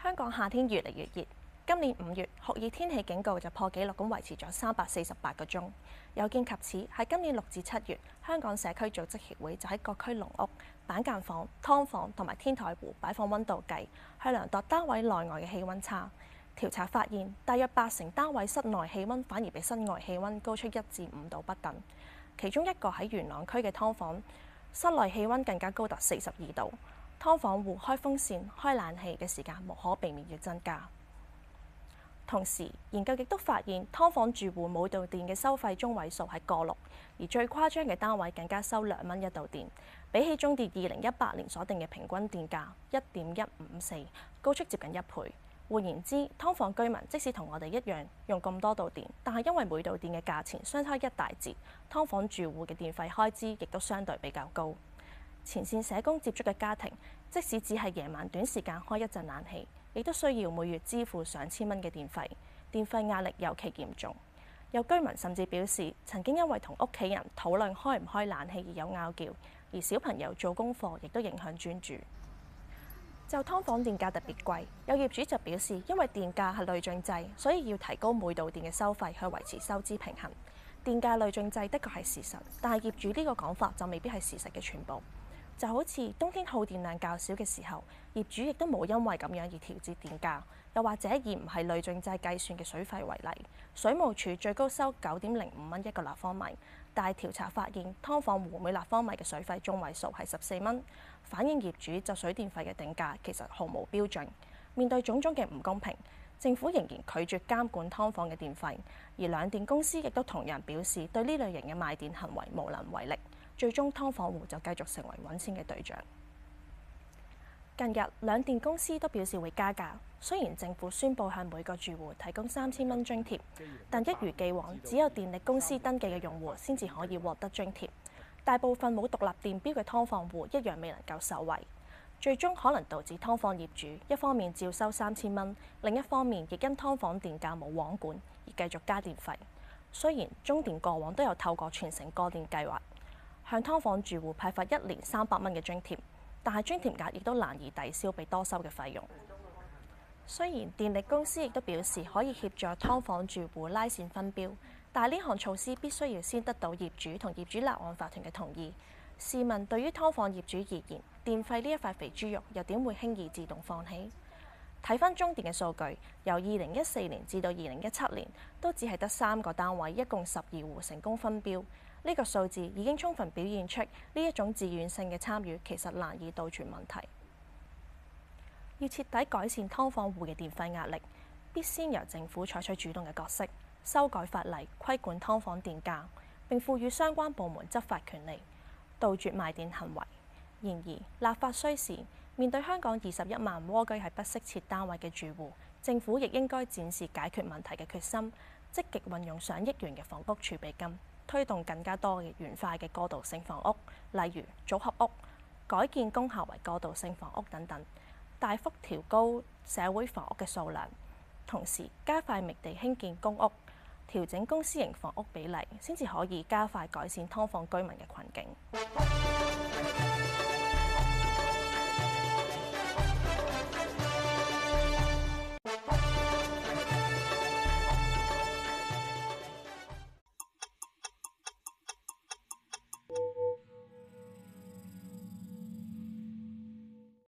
香港夏天越嚟越熱，今年五月酷熱天氣警告就破紀錄咁維持咗三百四十八個鐘。有見及此，喺今年六至七月，香港社區組織協會就喺各區農屋、板間房、劏房同埋天台戶擺放温度計，去量度單位內外嘅氣溫差。調查發現，大約八成單位室內氣温反而比室外氣温高出一至五度不等。其中一個喺元朗區嘅劏房，室內氣温更加高達四十二度。劏房戶開風扇、開冷氣嘅時間無可避免要增加。同時，研究亦都發現，劏房住戶每度電嘅收費中位數係過六，而最誇張嘅單位更加收兩蚊一度電，比起中電二零一八年所定嘅平均電價一點一五四，高出接近一倍。換言之，劏房居民即使同我哋一樣用咁多度電，但係因為每度電嘅價錢相差一大截，劏房住戶嘅電費開支亦都相對比較高。前線社工接觸嘅家庭，即使只係夜晚短時間開一陣冷氣，亦都需要每月支付上千蚊嘅電費，電費壓力尤其嚴重。有居民甚至表示，曾經因為同屋企人討論開唔開冷氣而有拗撬，而小朋友做功課亦都影響專注。就劏房電價特別貴，有業主就表示，因為電價係累進制，所以要提高每度電嘅收費去維持收支平衡。電價累進制的確係事實，但係業主呢個講法就未必係事實嘅全部。就好似冬天耗電量較少嘅時候，業主亦都冇因為咁樣而調節電價，又或者以唔係累進制計算嘅水費為例，水務署最高收九點零五蚊一個立方米，但係調查發現，劏房戶每立方米嘅水費中位數係十四蚊，反映業主就水電費嘅定價其實毫無標準。面對種種嘅唔公平，政府仍然拒絕監管劏房嘅電費，而兩電公司亦都同樣表示對呢類型嘅賣電行為無能為力。最終，劏房戶就繼續成為揾錢嘅對象。近日，兩電公司都表示會加價，雖然政府宣布向每個住戶提供三千蚊津貼，但一如既往，只有電力公司登記嘅用戶先至可以獲得津貼。大部分冇獨立電表嘅劏房戶一樣未能夠受惠，最終可能導致劏房業主一方面照收三千蚊，另一方面亦因劏房電價冇網管而繼續加電費。雖然中電過往都有透過全城過電計劃，向劏房住戶派發一年三百蚊嘅津貼，但係津貼額亦都難以抵消被多收嘅費用。雖然電力公司亦都表示可以協助劏房住戶拉線分標，但係呢項措施必須要先得到業主同業主立案法團嘅同意。試問，對於劏房業主而言，電費呢一塊肥豬肉又點會輕易自動放棄？睇返中電嘅數據，由二零一四年至到二零一七年，都只係得三個單位，一共十二戶成功分標。呢個數字已經充分表現出呢一種自願性嘅參與，其實難以杜絕問題。要徹底改善劏房戶嘅電費壓力，必先由政府採取主動嘅角色，修改法例，規管劏房電價，並賦予相關部門執法權利，杜絕賣電行為。然而，立法需時，面對香港二十一萬窩居係不適切單位嘅住戶，政府亦應該展示解決問題嘅決心，積極運用上億元嘅房屋儲備金。推動更加多嘅元化嘅過渡性房屋，例如組合屋、改建工廈為過渡性房屋等等，大幅調高社會房屋嘅數量，同時加快覓地興建公屋，調整公私營房屋比例，先至可以加快改善劏房居民嘅困境。